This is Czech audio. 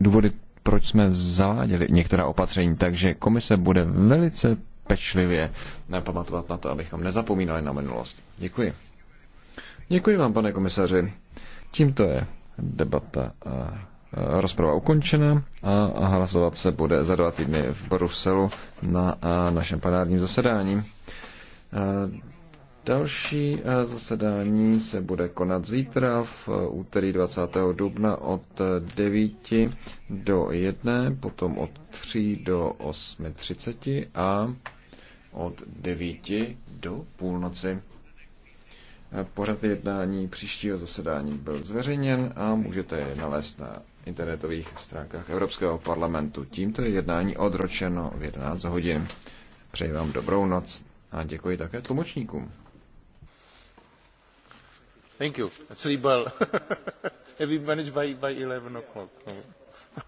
důvody, proč jsme zaváděli některá opatření, takže komise bude velice pečlivě pamatovat na to, abychom nezapomínali na minulost. Děkuji. Děkuji vám, pane komisaři. Tímto je debata a rozprava ukončena a hlasovat se bude za dva týdny v Bruselu na našem panárním zasedání. Další eh, zasedání se bude konat zítra v eh, úterý 20. dubna od 9 eh, do 1, potom od 3 do 8.30 a od 9 do půlnoci. Pořad jednání příštího zasedání byl zveřejněn a můžete je nalézt na internetových stránkách Evropského parlamentu. Tímto je jednání odročeno v 11 hodin. Přeji vám dobrou noc a děkuji také tlumočníkům thank you. sleep well. have you managed by, by 11 o'clock? No.